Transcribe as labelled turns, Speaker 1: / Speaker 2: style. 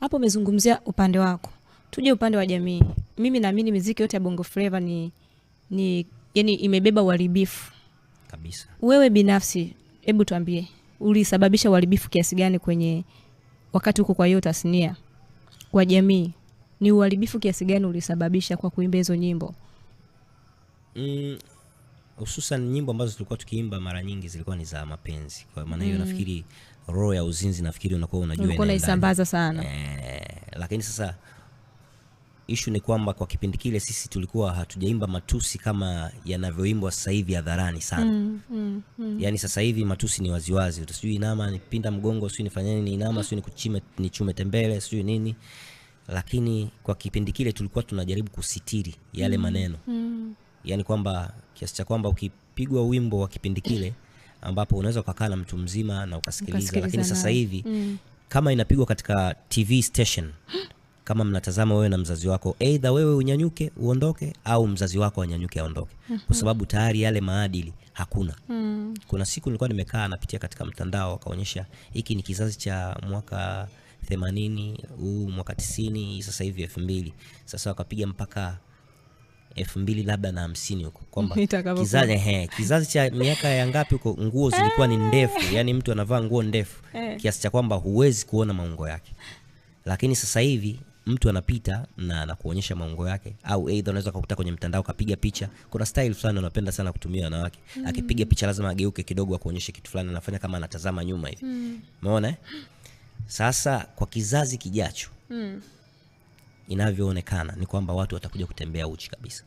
Speaker 1: Hapo umezungumzia upande wako, tuje upande wa jamii. Mimi naamini miziki yote ya bongo flava ni, ni yani imebeba uharibifu kabisa. Wewe binafsi, hebu tuambie ulisababisha uharibifu kiasi gani kwenye wakati huko, kwa hiyo tasnia kwa jamii ni uharibifu kiasi gani ulisababisha kwa kuimba hizo nyimbo?
Speaker 2: Mm, hususan nyimbo ambazo tulikuwa tukiimba mara nyingi zilikuwa ni za mapenzi. Kwa maana hiyo mm. nafikiri roho ya uzinzi nafikiri unakuwa unajua unakuwa
Speaker 1: unaisambaza sana
Speaker 2: eh, lakini sasa ishu ni kwamba kwa kipindi kile sisi tulikuwa hatujaimba matusi kama yanavyoimbwa sasa hivi hadharani sana
Speaker 1: mm, mm, mm.
Speaker 2: Yaani sasa hivi matusi ni waziwazi, sijui inama nipinda mgongo, sijui nifanyeni nini inama, sijui nikuchime nichume tembele, sijui nini, lakini kwa kipindi kile tulikuwa tunajaribu kusitiri yale mm, maneno mm yani kwamba kiasi cha kwamba ukipigwa wimbo wa kipindi kile ambapo unaweza ukakaa na mtu mzima na ukasikiliza, lakini sasa hivi mm. kama inapigwa katika TV station kama mnatazama wewe na mzazi wako, aidha wewe unyanyuke uondoke au mzazi wako anyanyuke aondoke, kwa mhm. sababu tayari yale maadili hakuna. Mm. Kuna siku nilikuwa nimekaa napitia katika mtandao, akaonyesha hiki ni kizazi cha mwaka themanini, huu mwaka tisini, sasa hivi elfu mbili. Sasa wakapiga mpaka elfu mbili labda na hamsini huko kwamba kizazi, kizazi cha miaka ya ngapi huko nguo zilikuwa ni ndefu, yani mtu anavaa nguo ndefu eh. kiasi cha kwamba huwezi kuona maungo yake, lakini sasa hivi mtu anapita na anakuonyesha maungo yake, au aidha unaweza kukuta kwenye mtandao kapiga picha. Kuna style fulani unapenda sana kutumia wanawake, mm. akipiga picha lazima ageuke kidogo, akuonyeshe kitu fulani, anafanya kama anatazama nyuma hivi, mm. umeona mm. Sasa kwa kizazi kijacho mm inavyoonekana ni kwamba watu watakuja kutembea uchi kabisa.